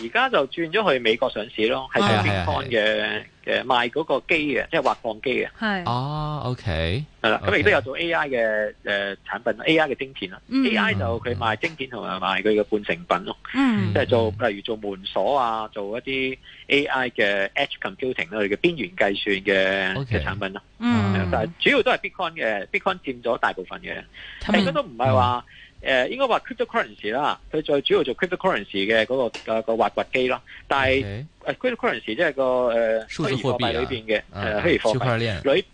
而家就轉咗去美國上市咯，係做 Bitcoin 嘅嘅、啊、賣嗰個機嘅，即係滑放機嘅。係。哦、啊，OK, okay。係啦，咁亦都有做 AI 嘅誒產品，AI 嘅晶片啦、嗯。AI 就佢賣晶片同埋賣佢嘅半成品咯。嗯。即係做例如做門鎖啊，做一啲 AI 嘅 Edge Computing 佢嘅邊緣計算嘅嘅、okay, 產品啦。嗯。但係主要都係 Bitcoin 嘅、嗯，Bitcoin 佔咗大部分嘅。係。應該都唔係話。誒、uh, 應該話 cryptocurrency 啦，佢最主要做 cryptocurrency 嘅嗰、那個誒、那個、挖掘機咯。但係 cryptocurrency 即係個誒虛擬貨幣裏邊嘅誒虛擬貨幣裏，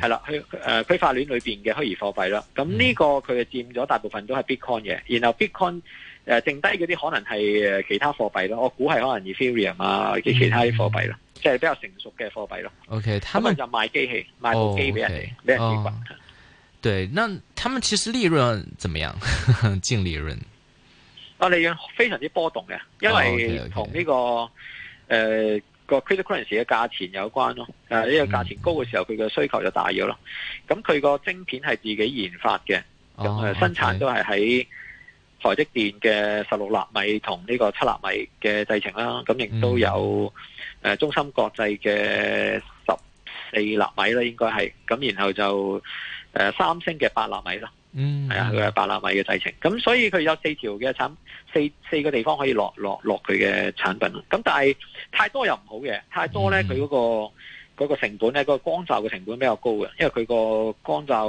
係啦虛誒區塊鏈裏邊嘅虛擬貨幣咯。咁呢個佢係佔咗大部分都係 bitcoin 嘅，然後 bitcoin 誒剩低嗰啲可能係其他貨幣咯。我估係可能 ethereum 啊啲、嗯、其他啲貨幣咯，即、就、係、是、比較成熟嘅貨幣咯。O K. 佢哋就賣機器、哦、賣部機俾人，俾、okay. 人對，那他們其實利潤怎麼樣？ 淨利潤啊，利潤非常之波動嘅，因為同呢、這個誒個 credit currency 嘅價錢有關咯。誒、oh, 呢、okay, okay. 呃這個價錢高嘅時候，佢、嗯、嘅需求就大咗咯。咁佢個晶片係自己研發嘅，咁、oh, 誒、okay. 呃、生產都係喺台積電嘅十六納米同呢個七納米嘅製程啦。咁亦都有誒、嗯呃、中芯國際嘅十四納米啦，應該係咁，那然後就。誒三星嘅八納米咯，係、嗯、啊，佢係八納米嘅製程，咁所以佢有四條嘅產四四個地方可以落落落佢嘅產品，咁但係太多又唔好嘅，太多咧佢嗰個嗰、嗰個、成本咧，嗰、嗰個光罩嘅成本比較高嘅，因為佢個光罩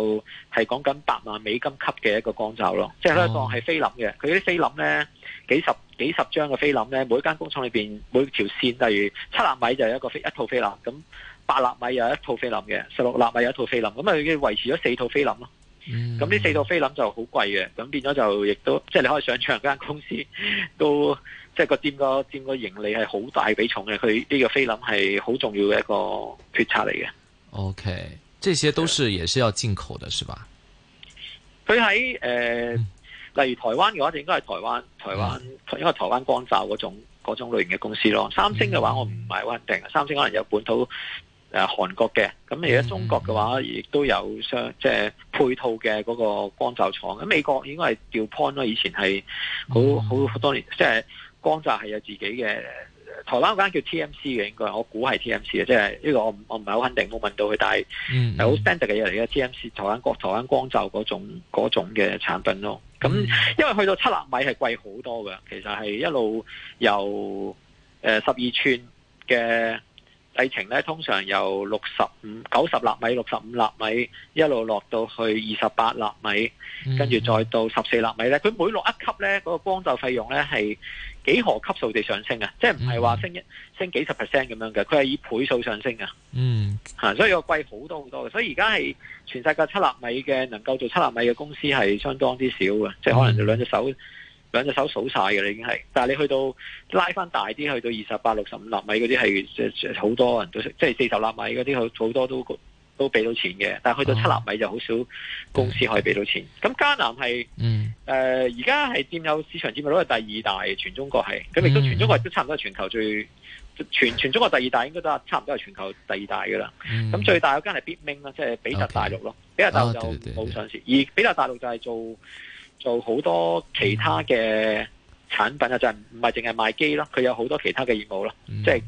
係講緊百萬美金級嘅一個光罩咯，哦，即係咧當係菲林嘅，佢啲菲林咧幾十幾十張嘅菲林咧，每一間工廠裏面，每條線例如七納米就係一個一套菲林咁。八納米有一套菲林嘅，十六納米有一套菲林，咁啊維持咗四套菲林咯。咁、嗯、呢四套菲林就好貴嘅，咁變咗就亦都即係你可以想象間公司都即係個佔個佔個盈利係好大比重嘅，佢呢個菲林係好重要嘅一個決策嚟嘅。O、okay. K，這些都是也是要進口的，的，是吧？佢喺誒，例如台灣嘅話就應該係台灣台灣，因、嗯、為台灣光罩嗰種嗰種類型嘅公司咯。三星嘅話、嗯、我唔係好肯定，三星可能有本土。誒韓國嘅，咁而家中國嘅話，亦都有相即係配套嘅嗰個光罩廠。咁美國應該係叫 Pon 咯，以前係好好多年，即係光罩係有自己嘅。台灣嗰間叫 TMC 嘅，應該我估係 TMC 嘅，即係呢個我我唔係好肯定，冇問到佢，但係係好 standard 嘅嘢嚟嘅 TMC 台灣光台灣光罩嗰種嗰種嘅產品咯。咁因為去到七納米係貴好多嘅，其實係一路由誒十二寸嘅。呃費程咧，通常由六十五、九十納米、六十五納米，一路落到去二十八納米，跟住再到十四納米咧。佢每落一級咧，嗰個光就費用咧係幾何級數地上升啊！即係唔係話升一升幾十 percent 咁樣嘅，佢係以倍數上升啊。嗯，吓，所以個貴好多好多嘅。所以而家係全世界七納米嘅能夠做七納米嘅公司係相當之少嘅，即係可能就兩隻手。嗯兩隻手數晒嘅啦，已經係。但係你去到拉翻大啲，去到二十八、六十五納米嗰啲係好多人都識，即係四十納米嗰啲，好好多都都俾到錢嘅。但係去到七納米就好少公司可以俾到錢。咁、哦、嘉楠係誒而家係佔有市場佔有率係第二大，嘅。全中國係。咁亦都全中國都差唔多係全球最全全中國第二大，應該都係差唔多係全球第二大㗎啦。咁、嗯、最大嗰間係 Bitmain 啦，即、就、係、是、比特大陸咯。Okay, 比特大陸冇上市，而比特大陸就係做。做好多其他嘅產品啊，就唔係淨係賣機咯，佢有好多其他嘅業務咯、嗯，即係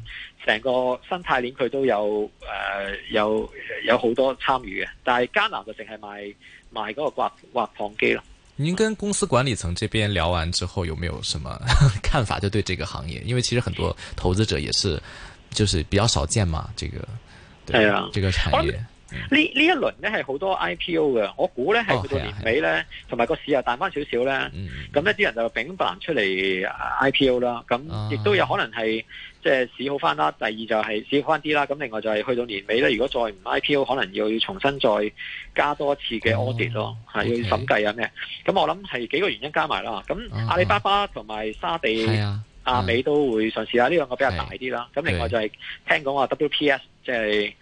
成個生態鏈佢都有誒、呃，有有好多參與嘅。但係嘉楠就淨係賣賣個挖挖礦機咯。您跟公司管理層這邊聊完之後，有沒有什麼看法？就對這個行業，因為其實很多投資者也是，就是比較少見嘛。這個，對啊，這個產業。啊輪呢呢一輪咧係好多 IPO 嘅，我估咧係去到年尾咧，同埋個市又彈翻少少咧，咁、嗯、一啲人就丙行出嚟 IPO 啦。咁、啊、亦都有可能係即係市好翻啦。第二就係市好翻啲啦。咁另外就係去到年尾咧、哦，如果再唔 IPO，可能要重新再加多一次嘅 audit 咯、哦、係、啊、要審計咁嘅。咁、okay, 我諗係幾個原因加埋啦。咁阿里巴巴同埋沙地、阿、啊啊、美都會嘗試下，呢兩、啊、個比較大啲啦。咁、嗯啊、另外就係聽講話 WPS 即、就、係、是。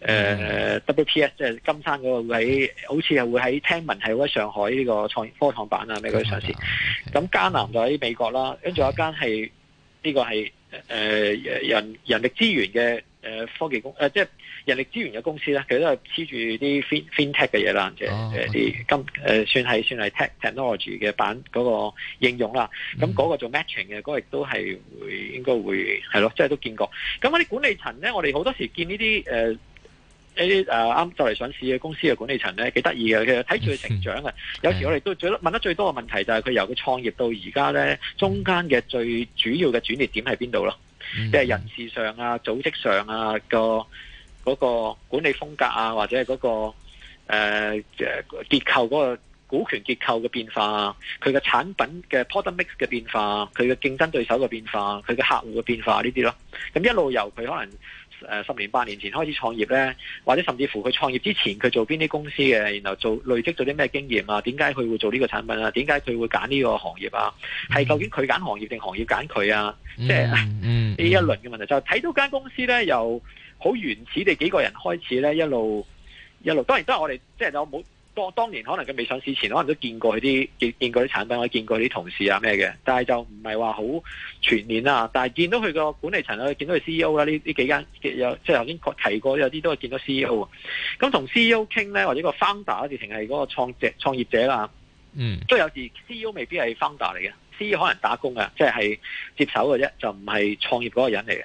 誒、呃、WPS 即係金山嗰、那個位，好似係會喺聽聞係喺上海呢個創科創板啊，美國上市。咁、啊 okay, 嘉楠就喺美國啦，跟、嗯、住有一間係呢個係誒、呃、人人力資源嘅誒、呃、科技公誒、呃，即係人力資源嘅公司咧，佢都係黐住啲 Fin Tech 嘅嘢啦，即係啲金誒算係算係 Tech Technology 嘅板嗰個應用啦。咁、嗯、嗰、那個做 Matching 嘅嗰、那個亦都係會應該會係咯，即係都見過。咁嗰啲管理層咧，我哋好多時見呢啲誒。呃啲啱就嚟上市嘅公司嘅管理層咧幾得意嘅，其實睇住佢成長嘅， 有時我哋都最問得最多嘅問題就係佢由佢創業到而家咧，中間嘅最主要嘅轉捩點喺邊度咯？即 係人事上啊、組織上啊、嗰個嗰、嗰個、管理風格啊，或者係嗰、嗰個誒、呃、結構嗰個股權結構嘅變化，啊，佢嘅產品嘅 product mix 嘅變化，佢嘅競爭對手嘅變化，佢嘅客戶嘅變化呢啲咯。咁一路由佢可能。誒十年八年前開始創業咧，或者甚至乎佢創業之前佢做邊啲公司嘅，然後做累積咗啲咩經驗啊？點解佢會做呢個產品啊？點解佢會揀呢個行業啊？係、mm -hmm. 究竟佢揀行業定行業揀佢啊？即係呢一輪嘅問題就睇到間公司咧，由好原始嘅幾個人開始咧，一路一路，當然都係我哋即係我冇。就是有當年可能佢未上市前，可能都見過佢啲見見過啲產品，我見過啲同事啊咩嘅，但係就唔係話好全面啦。但係見到佢個管理層啦，見到佢 C E O 啦，呢呢幾間即係頭先提過有啲都係見到 C E O。咁同 C E O 傾呢，或者個 founder 直情係嗰個創者創業者啦。嗯，都有時 C E O 未必係 founder 嚟嘅，C E O 可能打工嘅，即係係接手嘅啫，就唔係創業嗰個人嚟嘅。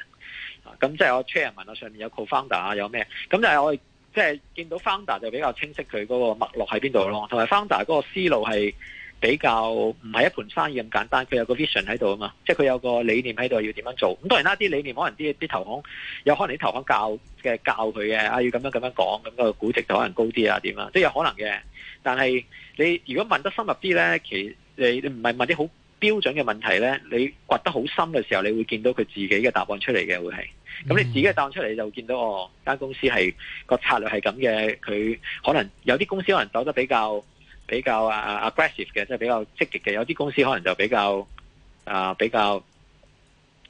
咁即係我 chairman 我上面有 co founder 有咩？咁就係我。即係見到 Founder 就比較清晰佢嗰個脈絡喺邊度咯，同埋 Founder 嗰個思路係比較唔係一盤生意咁簡單，佢有個 vision 喺度啊嘛，即係佢有個理念喺度要點樣做。咁當然啦，啲理念可能啲啲投行，有可能啲投行教嘅教佢嘅啊要咁樣咁樣講，咁個估值就可能高啲啊點啊，即係有可能嘅。但係你如果問得深入啲咧，其實你你唔係問啲好標準嘅問題呢，你掘得好深嘅時候，你會見到佢自己嘅答案出嚟嘅會係，咁你自己嘅答案出嚟就會見到哦間公司係個策略係咁嘅，佢可能有啲公司可能走得比較比較啊 aggressive 嘅，即係比較積極嘅；有啲公司可能就比較啊比較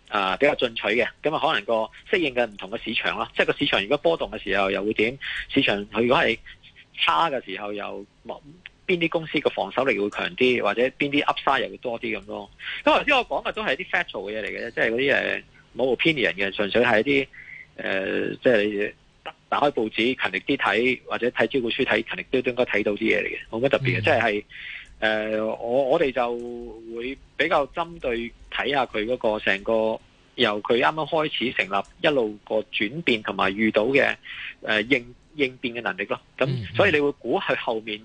啊比較進取嘅，咁啊可能個適應嘅唔同嘅市場囉，即係個市場如果波動嘅時候又會點？市場佢如果係差嘅時候又冇。邊啲公司嘅防守力會強啲，或者邊啲 Upside 又會多啲咁咯？咁頭先我講嘅都係啲 factual 嘅嘢嚟嘅啫，即係嗰啲誒冇 opinion 嘅，純、呃、粹係一啲誒、呃，即係打開報紙勤力啲睇，或者睇招股書睇勤力都應該睇到啲嘢嚟嘅，冇乜特別嘅。嗯、即係誒、呃，我我哋就會比較針對睇下佢嗰個成個由佢啱啱開始成立一路個轉變同埋遇到嘅誒、呃、應應變嘅能力咯。咁、嗯、所以你會估佢後面。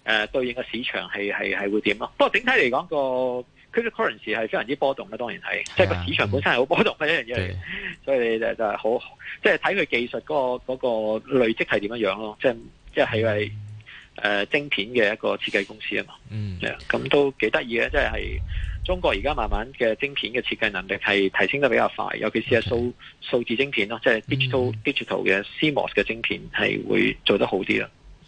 誒、呃，對應嘅市場係係係會點咯？不過整體嚟講，這個 cryptocurrency 係非常之波動啦。當然係，即係個市場本身係好波動嘅一樣嘢。所以就就係、是、好、那個，即係睇佢技術嗰個嗰個累積係點樣樣咯。即係即係係誒晶片嘅一個設計公司啊嘛。嗯，啊，咁都幾得意嘅。即係係中國而家慢慢嘅晶片嘅設計能力係提升得比較快，尤其是係數、okay. 數字晶片咯，即、就、係、是、digital、嗯、digital 嘅 CMOS 嘅晶片係會做得好啲啦。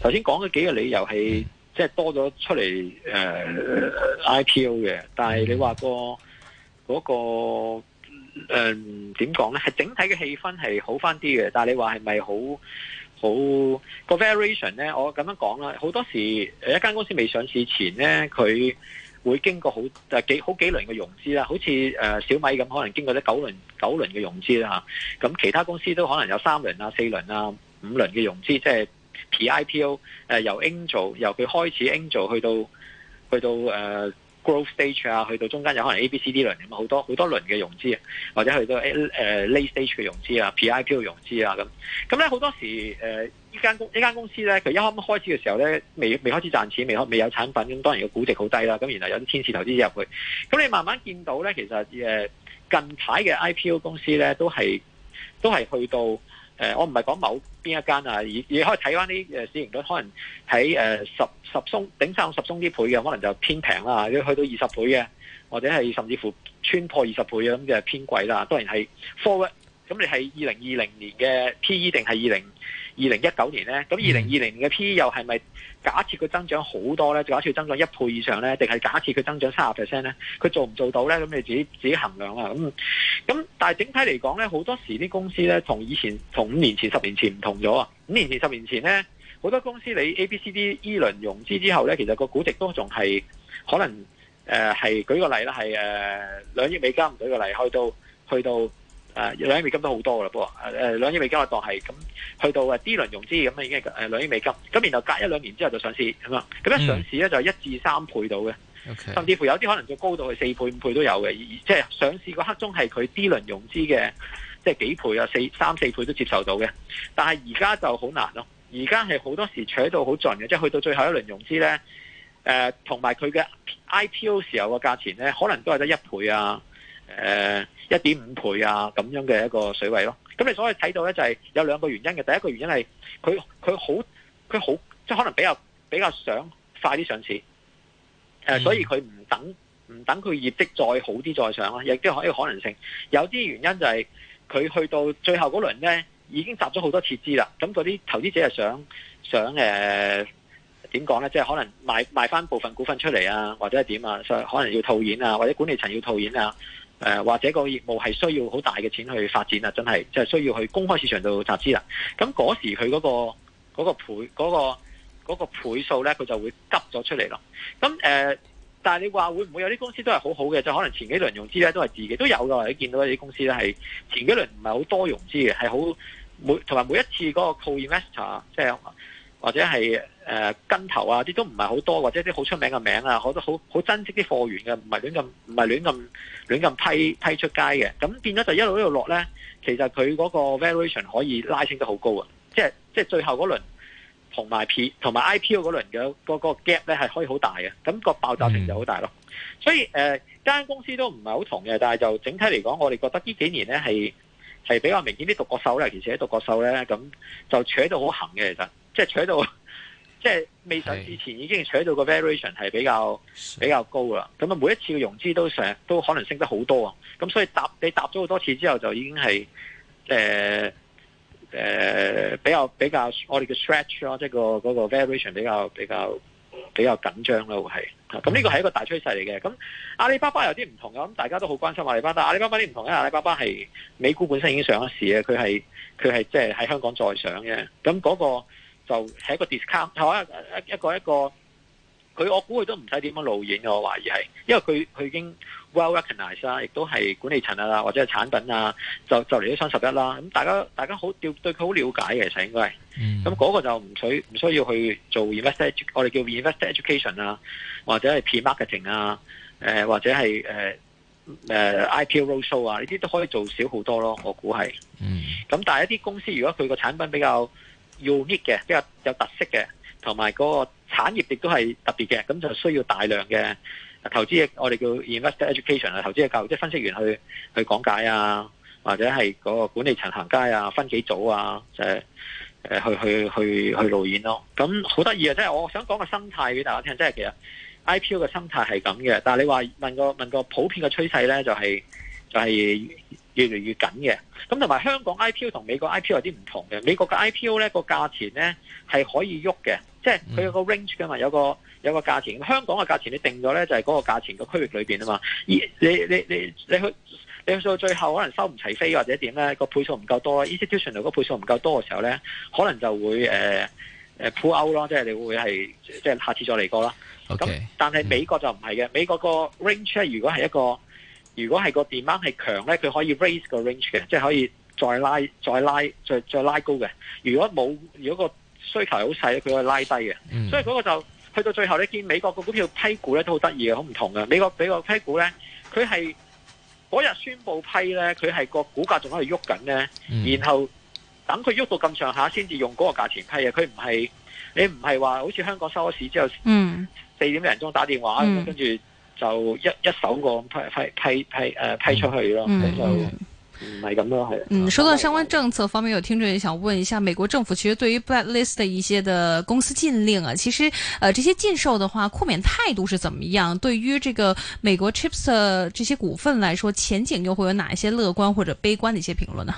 頭先講嗰幾個理由係即係多咗出嚟誒、呃、IPO 嘅，但係你話、個嗰、個誒點講咧？呃、係整體嘅氣氛係好翻啲嘅，但係你話係咪好好個 variation 咧？我咁樣講啦，好多時一間公司未上市前咧，佢會經過好幾好幾輪嘅融資啦，好似小米咁，可能經過咗九輪九輪嘅融資啦，咁其他公司都可能有三輪啊、四輪啊、五輪嘅融資，即係。P.I.P.O.、呃、由 Angel，由佢開始 Angel 去到去到、呃、growth stage 啊，去到中間有可能 A.B.C.D 輪咁好多好多輪嘅融資啊，或者去到 late stage 嘅融資啊、P.I.P.O. 融資啊咁。咁咧好多時誒呢間公呢間公司咧，佢一開開始嘅時候咧，未未開始賺錢，未未有產品，咁當然個估值好低啦。咁然後有啲天使投資入去。咁你慢慢見到咧，其實誒近排嘅 I.P.O. 公司咧，都係都係去到。誒，我唔係講某邊一間啊，而而可以睇翻啲誒市盈率，可能喺誒十十鬆頂上十鬆啲倍嘅，可能就偏平啦，要去到二十倍嘅，或者係甚至乎穿破二十倍嘅，咁就偏貴啦。當然係 forward。咁你係二零二零年嘅 P/E 定係二零二零一九年呢？咁二零二零年嘅 P/E 又係咪假設佢增長好多呢？假設增長一倍以上呢？定係假設佢增長三十 percent 呢？佢做唔做到呢？咁你自己自己衡量啦。咁咁，但係整體嚟講呢，好多時啲公司呢，同以前同五年前、十年前唔同咗。五年前、十年前呢，好多公司你 A、B、C、D 依輪融資之後呢，其實個估值都仲係可能誒係、呃。舉個例啦，係誒兩億美金，唔舉個例，開到去到。去到誒、啊、兩億美金都好多噶啦噃，兩億美金我當係咁，去到誒 D 輪融資咁啊，已經係兩億美金咁，然後隔一兩年之後就上市咁啊，咁咧上市咧就一至三倍到嘅，okay. 甚至乎有啲可能就高到去四倍五倍都有嘅，即係、就是、上市嗰刻鐘係佢 D 輪融資嘅即係幾倍啊四三四倍都接受到嘅。但係而家就好難咯、啊，而家係好多時取到好盡嘅，即、就、係、是、去到最後一輪融資咧誒同埋佢嘅 IPO 時候個價錢咧，可能都係得一倍啊、呃一點五倍啊，咁樣嘅一個水位咯。咁你所以睇到呢，就係、是、有兩個原因嘅。第一個原因係佢佢好佢好即係可能比較比較想快啲上市、嗯，所以佢唔等唔等佢業績再好啲再上啦，亦都有呢個可能性。有啲原因就係、是、佢去到最後嗰輪呢，已經集咗好多撤資啦。咁嗰啲投資者係想想誒點講呢即係、就是、可能賣賣翻部分股份出嚟啊，或者係點啊，可能要套現啊，或者管理層要套現啊。誒、呃、或者個業務係需要好大嘅錢去發展啊！真係即係需要去公開市場度集資啦。咁嗰時佢嗰、嗰個嗰個倍嗰、嗰個嗰個倍數咧，佢就會急咗出嚟咯。咁、呃、但係你話會唔會有啲公司都係好好嘅？就可能前幾輪融資咧都係自己都有㗎，或者見到啲公司咧係前幾輪唔係好多融資嘅，係好每同埋每一次嗰個 co-investor 即係或者係。誒、呃、跟頭啊！啲都唔係好多，或者啲好出名嘅名啊，好多好好珍惜啲貨源嘅、啊，唔係亂咁，唔係亂咁，亂咁批批出街嘅。咁變咗就一路一路落咧，其實佢嗰個 valuation 可以拉升得好高啊！即係即係最後嗰輪同埋 P 同埋 IPO 嗰輪嘅個、嗰個 gap 咧係可以好大嘅，咁、嗰個爆炸性就好大咯、嗯。所以誒間、呃、公司都唔係好同嘅，但係就整體嚟講，我哋覺得呢幾年咧係係比較明顯啲獨角獸咧，其實啲獨角獸咧，咁就扯到好行嘅，其實即係扯到。即係未上之前已經取到個 variation 係比較比較高啦，咁啊每一次嘅融資都上都可能升得好多啊，咁所以搭你搭咗好多次之後就已經係誒誒比較比較我哋嘅 stretch 咯，即係個 variation 比較比較比較緊張咯，會係，咁呢個係一個大趨勢嚟嘅。咁阿里巴巴有啲唔同嘅，咁大家都好關心阿里巴巴。但阿里巴巴啲唔同嘅，阿里巴巴係美股本身已經上咗市嘅，佢係佢係即係喺香港再上嘅，咁嗰個。就係一個 discount，一一個一個，佢我估佢都唔使點樣露演嘅，我懷疑係，因為佢佢已經 well recognized 啦，亦都係管理層啊，或者係產品啊，就就嚟咗雙十一啦，咁大家大家好對佢好了解嘅，其實應該係，咁、嗯、嗰個就唔需唔需要去做 investor，我哋叫 investor education 啊、呃，或者係 pre marketing 啊，或者係 IP roadshow 啊，呢啲都可以做少好多咯，我估係，咁、嗯、但係一啲公司如果佢個產品比較要益 i 嘅比較有特色嘅，同埋嗰個產業亦都係特別嘅，咁就需要大量嘅投資，我哋叫 investor education 啊，投資嘅教育，即、就是、分析員去去講解啊，或者係嗰個管理層行街啊，分幾組啊，就誒、是、去去去去路演咯。咁好得意啊！即、就、係、是、我想講個心態俾大家聽，即、就、係、是、其實 IPO 嘅心態係咁嘅，但你話問個問個普遍嘅趨勢咧，就是、就係、是。越嚟越緊嘅，咁同埋香港 IPO 同美國 IPO 有啲唔同嘅。美國嘅 IPO 咧，個價錢咧係可以喐嘅，即係佢有個 range 噶嘛，有個有個價錢。香港嘅價錢你定咗咧，就係嗰個價錢嘅區域裏面啊嘛。你你你你去你去到最後可能收唔齊飛或者點咧，個配數唔夠多 institution 嗰個配數唔夠多嘅時候咧，可能就會誒誒 pull out 咯，即係你會係即係下次再嚟過啦。咁、okay. 但係美國就唔係嘅，美國個 range 咧如果係一個。如果係個 demand 係強咧，佢可以 raise 個 range 嘅，即係可以再拉、再拉、再再拉高嘅。如果冇，如果個需求好細，佢可以拉低嘅、嗯。所以嗰個就去到最後，你見美國個股票批股呢都好得意嘅，好唔同嘅。美國美國批股呢，佢係嗰日宣布批呢，佢係個股價仲喺度喐緊呢。然後等佢喐到咁上下先至用嗰個價錢批嘅。佢唔係你唔係話好似香港收咗市之後四點零鐘打電話咁跟住。嗯就一一手個批批批批誒、呃、批出去咯，嗯、就唔係咁咯，係。嗯，收、啊、到相關政策方面，有聽眾也想問一下，美國政府其實對於 blacklist 一些的公司禁令啊，其實誒、呃、這些禁售的話，豁免態度是怎麼樣？對於這個美國 chips 的、啊、這些股份來說，前景又會有哪一些樂觀或者悲觀的一些評論呢？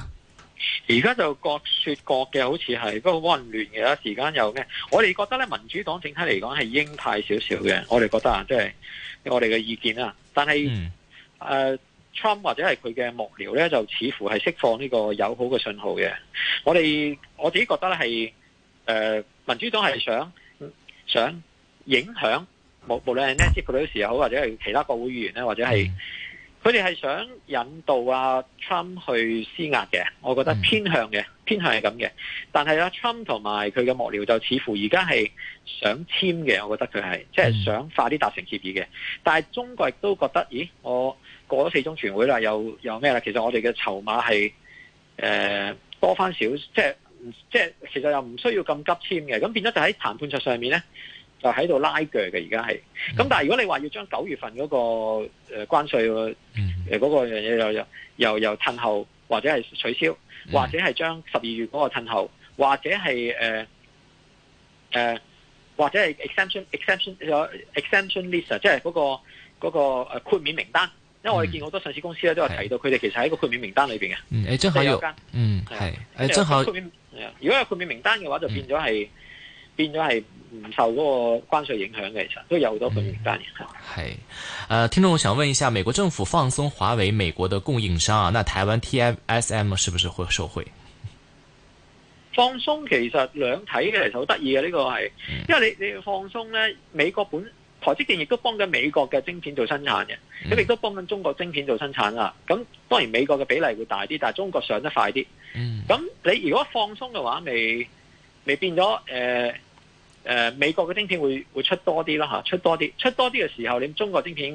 而家就各說各嘅，好似係不過混亂嘅啦。時間有咩？我哋覺得咧，民主黨整體嚟講係鷹派少少嘅，我哋覺得啊，即係。我哋嘅意見啦，但係誒 Trump 或者係佢嘅幕僚咧，就似乎係釋放呢個友好嘅信號嘅。我哋我自己覺得咧係誒民主黨係想想影響，無無論係呢啲嘅時候，或者係其他國會議員咧，或者係。嗯佢哋係想引導阿、啊、Trump 去施壓嘅，我覺得偏向嘅、嗯，偏向係咁嘅。但係阿 Trump 同埋佢嘅幕僚就似乎而家係想簽嘅，我覺得佢係即係想快啲達成協議嘅。但係中國亦都覺得，咦，我過咗四中全會啦，又又咩啦？其實我哋嘅籌碼係誒、呃、多返少，即係即係其實又唔需要咁急簽嘅。咁變咗就喺談判桌上面咧。就喺度拉鋸嘅，而家係。咁但係如果你話要將九月份嗰個誒關稅誒嗰個樣嘢又又又又褪後，或者係取消，或者係將十二月嗰個褪後，或者係誒誒或者係 exemption exemption exemption list 即係嗰個嗰、嗰個誒豁免名單。嗯、因為我哋見好多上市公司咧都有提到佢哋其實喺個豁免名單裏邊嘅。嗯，你真係有間嗯真係。如果有豁免名單嘅話，就變咗係、嗯、變咗係。唔受嗰個關稅影響嘅，其實都有好多份間嘅。係、嗯，誒、呃，聽眾，我想問一下，美國政府放鬆華為美國嘅供應商啊，那台灣 TSM 是不是會受惠？放鬆其實兩睇嘅，其實好得意嘅，呢、這個係因為你你放鬆呢，美國本台積電亦都幫緊美國嘅晶片做生產嘅，咁亦都幫緊中國晶片做生產啦。咁當然美國嘅比例會大啲，但係中國上得快啲。嗯，咁你如果放鬆嘅話，未未變咗誒？呃誒、呃、美國嘅晶片會會出多啲啦吓，出多啲，出多啲嘅時候，你中國晶片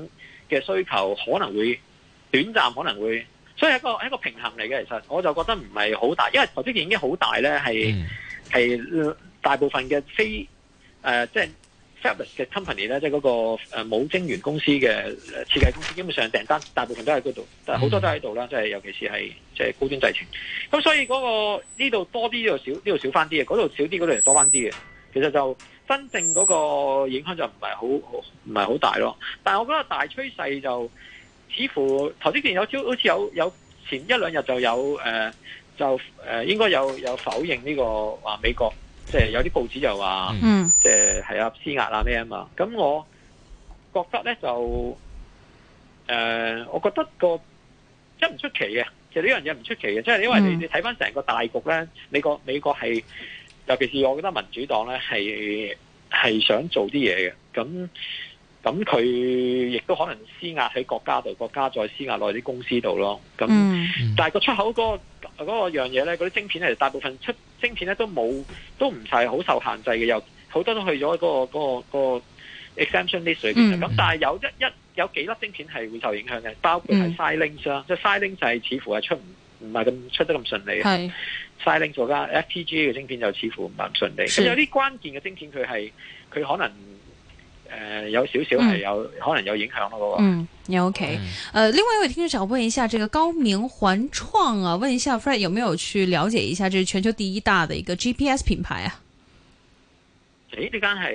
嘅需求可能會短暫可能會，所以一個一個平衡嚟嘅。其實我就覺得唔係好大，因為台積電已經好大咧，係係大部分嘅非誒即係 fabless 嘅 company 咧、那個，即係嗰個冇晶圓公司嘅、呃、設計公司，基本上訂單大部分都喺嗰度，好多都喺度啦，即、就、係、是、尤其是係即係高端製程。咁所以嗰、那個呢度多啲，呢度少，呢度少翻啲嘅，嗰度少啲，嗰度又多翻啲嘅。其實就真正嗰個影響就唔係好唔係好大咯，但係我覺得大趨勢就似乎頭先見有少好似有有前一兩日就有誒、呃、就誒、呃、應該有有否認呢、這個話美國即係、就是、有啲報紙就話，即係係啊施壓啦咩啊嘛，咁我覺得咧就誒、呃、我覺得個真唔出奇嘅，其實呢樣嘢唔出奇嘅，即係、就是、因為你你睇翻成個大局咧，美國美國係。尤其是我覺得民主黨咧係係想做啲嘢嘅，咁咁佢亦都可能施壓喺國家度，國家再施壓落去啲公司度咯。咁、mm -hmm. 但係個出口嗰、嗰個樣嘢咧，嗰、嗰、啲、個、晶片咧，大部分出晶片咧都冇，都唔係好受限制嘅，有好多都去咗嗰、嗰個嗰、嗰個嗰個、exemption list 嘅。咁、mm -hmm. 但係有一一有幾粒晶片係會受影響嘅，包括係 Silicon 啦。即 Silicon 就係似乎係出唔。唔係咁出得咁順利 Xilinx 作家 FPGA 嘅晶片就似乎唔係咁順利。佢有啲關鍵嘅晶片它，佢係佢可能、呃、有少少係有、嗯、可能有影響咯，嗰嗯，OK 嗯、呃。另外一位聽眾想問一下，這個高明環創啊，問一下 Fred 有沒有去了解一下，這是全球第一大的一個 GPS 品牌啊？誒，呢間係，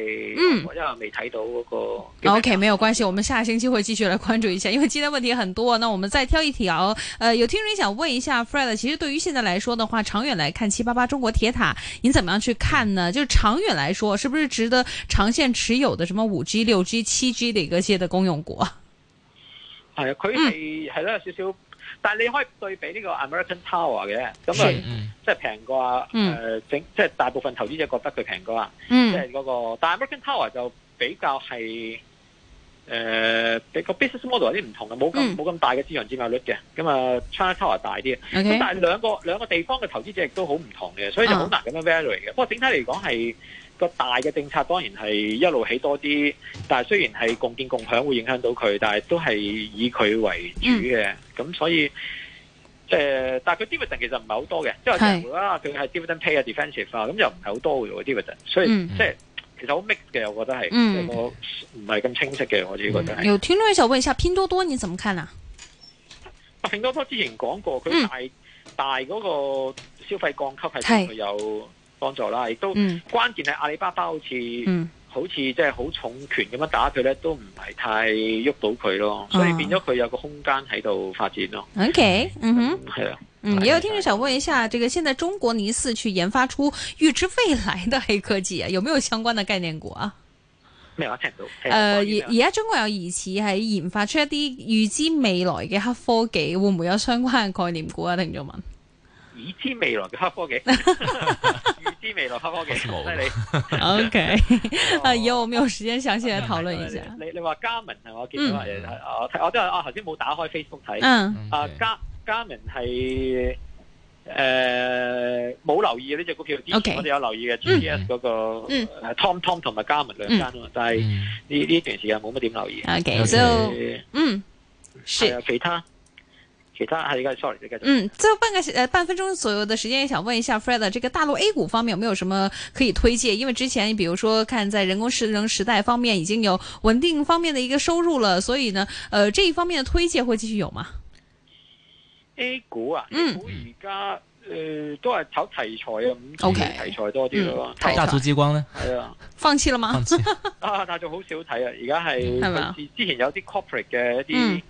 我因為未睇到嗰、這個機構機構。OK，沒有關係，我們下星期會繼續來關注一下。因為今天問題很多，那我們再挑一條。呃，有聽眾想問一下 Fred，其實對於現在來說的話，長遠來看，七八八中國鐵塔，你怎麼樣去看呢？就是、長遠來說，是不是值得長線持有的？什麼五 G、六 G、七 G 的一些的公用股，係佢哋係啦少少。但你可以對比呢個 American Tower 嘅，咁啊，即係平過啊，誒整即係大部分投資者覺得佢平過啊，即係嗰個。但係 American Tower 就比較係誒、呃、個 business model 有啲唔同嘅，冇咁冇咁大嘅市場占有率嘅，咁啊 China Tower 大啲。咁、okay，但係兩個兩個地方嘅投資者亦都好唔同嘅，所以就好難咁樣 value 嘅、嗯。不過整體嚟講係個大嘅政策當然係一路起多啲，但係雖然係共建共享會影響到佢，但係都係以佢為主嘅。嗯咁、嗯、所以即係、呃，但係佢 dividend 其實唔係好多嘅，即係啦，佢係 dividend pay 嘅 defensive 化、啊、咁、嗯、又唔係好多嘅 dividend，所以、嗯、即係其實好 mixed 嘅，我覺得係，個唔係咁清晰嘅，我自己覺得係。有聽眾想問一下拼多多，你怎麼看啊？拼多多之前講過佢大、嗯、大嗰個消費降級係對佢有幫助啦，亦都、嗯、關鍵係阿里巴巴好似。嗯好似即係好重拳咁樣打佢咧，都唔係太喐到佢咯，所以變咗佢有個空間喺度發展咯、啊嗯。OK，嗯哼，係啦、啊。嗯，也有聽眾想問一下，這個現在中國疑似去研發出預、啊呃、知未來的黑科技，有沒有相關嘅概念股啊？咩話聽唔到。誒，而而家中國有疑似喺研發出一啲預知未來嘅黑科技，會唔會有相關嘅概念股啊？聽眾問。預知未來嘅黑科技，預 知未來黑科技，犀 利害。O K，啊，以 後我、嗯我，我，嗯 uh, okay. 呃 okay. 我們有時間詳細嚟討論一下。你你話加文係我見到，我我即係我頭先冇打開 Facebook 睇。啊，加加文係誒冇留意呢隻股票。O K，okay. 我哋有留意嘅 G P S 嗰、那個、嗯 uh, Tom Tom 同埋加文兩間，但係呢呢段時間冇乜點留意。O K，h e 嗯，其他。其他是 Sorry, 嗯，最後半個呃半分鐘左右的時間，也想問一下 Fred，、啊、這個大陸 A 股方面有沒有什麼可以推介？因為之前，比如說看在人工智能時代方面已經有穩定方面的一個收入了，所以呢，呃這一方面的推介會繼續有嗎？A 股啊嗯我而家呃都係炒題材啊，五、嗯、G、嗯、題材多啲咯、okay, 嗯。大族激光呢係啊，放棄了嗎？ 啊，大族好少睇啊，而家係好似之前有啲 corporate 嘅一啲。嗯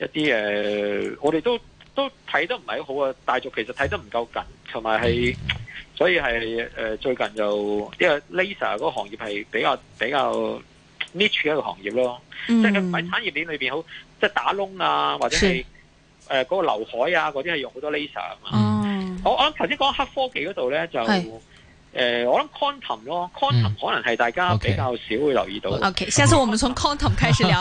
一啲誒、呃、我哋都都睇得唔係好啊，大族其實睇得唔夠緊，同埋係所以係誒、呃、最近就因為、這個、laser 嗰個行業係比較比較 niche 嘅一個行業咯，嗯、即係係喺產業鏈裏邊好，即係打窿啊或者係誒、呃那個劉海啊啲係用好多 laser 啊嘛。嗯、我我頭先講黑科技度咧就誒、呃、我諗 quantum 咯，quantum、嗯、可能係大家比較少會留意到、嗯。OK，下、okay, 次、嗯、我們從 quantum 開始聊。